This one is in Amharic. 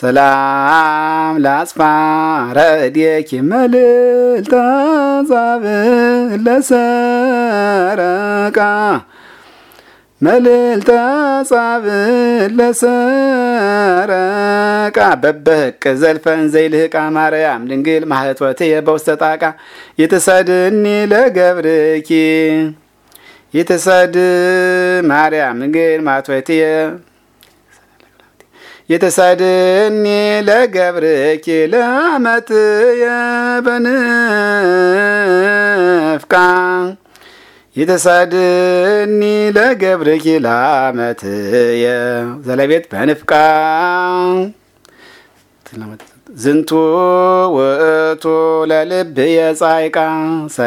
ሰላም ላጽፋረ እዴኪ መልዕልተ ዛብእ ለሰረቃ መልዕልተ ለሰረቃ በበህቅ ዘልፈን ዘይልህቃ ማርያም ድንግል ማህትወትየ በውስተ ጣቃ ይትሰድኒ ለገብርኪ ይትሰድ ማርያም ድንግል ማህትወትየ የተሳድኒ ለገብርኪ ለመትየ በንፍቃ የተሳድኒ ለገብርኪ ለመትየ የዘለቤት በንፍቃ ዝንቱ ውእቱ ለልብ የጻይቃ